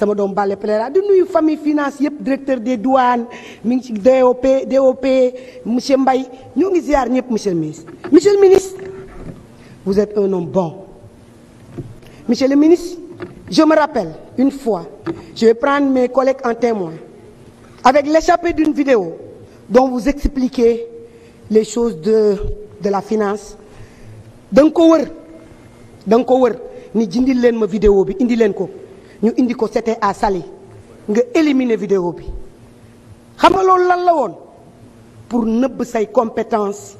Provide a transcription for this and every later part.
sama doom Bale Pereira di nuyu famille finance yëpp directeur des douanes mi ngi ci DOP DOP monsieur Mbaye ñoo ngi ziar ñëpp monsieur le ministre. monsieur le ministre vous êtes un homme bon monsieur le ministre je me rappelle une fois je vais prendre mes collègues en témoin avec l'échappée d'une vidéo donc vous expliquez les choses de de la finance da nga ko wër ko wër ni jindil leen ma vidéo bi indi leen ko. ñu indi ko cete à Saly nga éliminer vidéo bi xam nga loolu lan la woon pour nëbb say compétences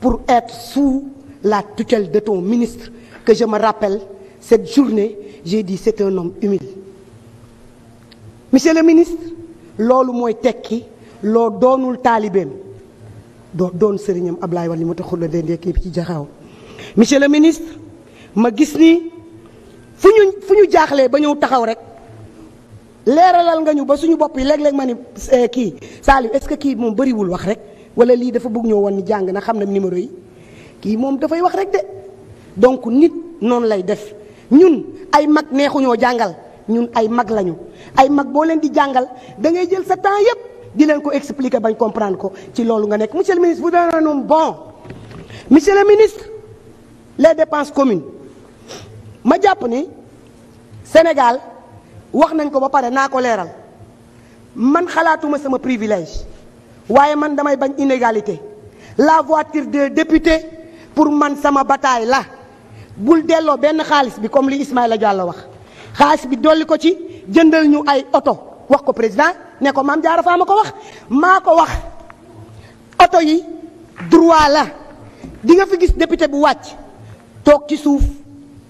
pour être sous la tutelle de ton ministre que je me rappelle cette journée j'ai dit c'est un homme humble monsieur le ministre loolu mooy tekki loo doonul taalibeem doon doon sëriñam Ablaye Wali mu taxul la dendee kii bi ci jaxaaw monsieur le ministre ma gis ni ñu jaaxlee ba ñëw taxaw rek leeralal nga ñu ba suñu bopp yi léeg-léeg ma ni eh, kii Saliou est-ce que kii moom bëriwul wax rek wala lii dafa bëgg ñoo woon ni jàng na xam na numéro yi kii moom dafay wax rek de donc nit noonu lay def ñun ay mag neexuñoo jàngal ñun ay mag lañu ay mag boo leen di jàngal da ngay jël sa temps yépp di leen ko expliquer bañ comprendre ko ci loolu nga nekk monsieur le ministre vous donnez noonu bon monsieur le ministre les dépenses communes ma jàpp ni Sénégal wax nañ ko ba pare naa ko leeral man xalaatuma sama privilège waaye man damay bañ inégalité la voiture des députés pour man sama bataille la bul delloo benn xaalis bi comme li la Diallo wax xaalis bi dolli ko ci jëndal ñu ay oto wax ko président ne ko maam Diarra Fam ma ko wax maa ko wax oto yi droit la di nga fi gis député bu wàcc toog ci suuf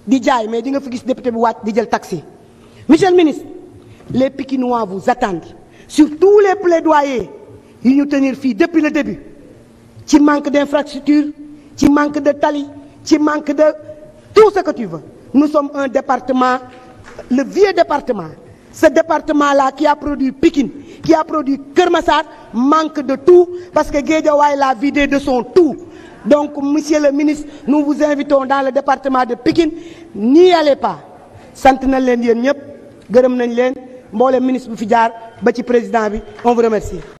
di jaay mais di nga fi gis député bi wàcc di jël taxi. monsieur le ministre les Pikinois vous attendent sur tous les plaidoyers yu ñu tenir fii depuis le début ci manque d'infrastructure ci manque de tali ci manque de tout ce que tu veux nous sommes un département le vieux département. ce département-là qui a produit Pikine, qui a produit Kermassar, manque de tout parce que Guédiawaye l'a vidé de son tout. Donc, monsieur le ministre, nous vous invitons dans le département de Pikine, n'y allez pas. sant nañ leen yéen ñëpp gërëm nañ leen mboolem ministre bu fi jaar ba ci président bi on vous remercie.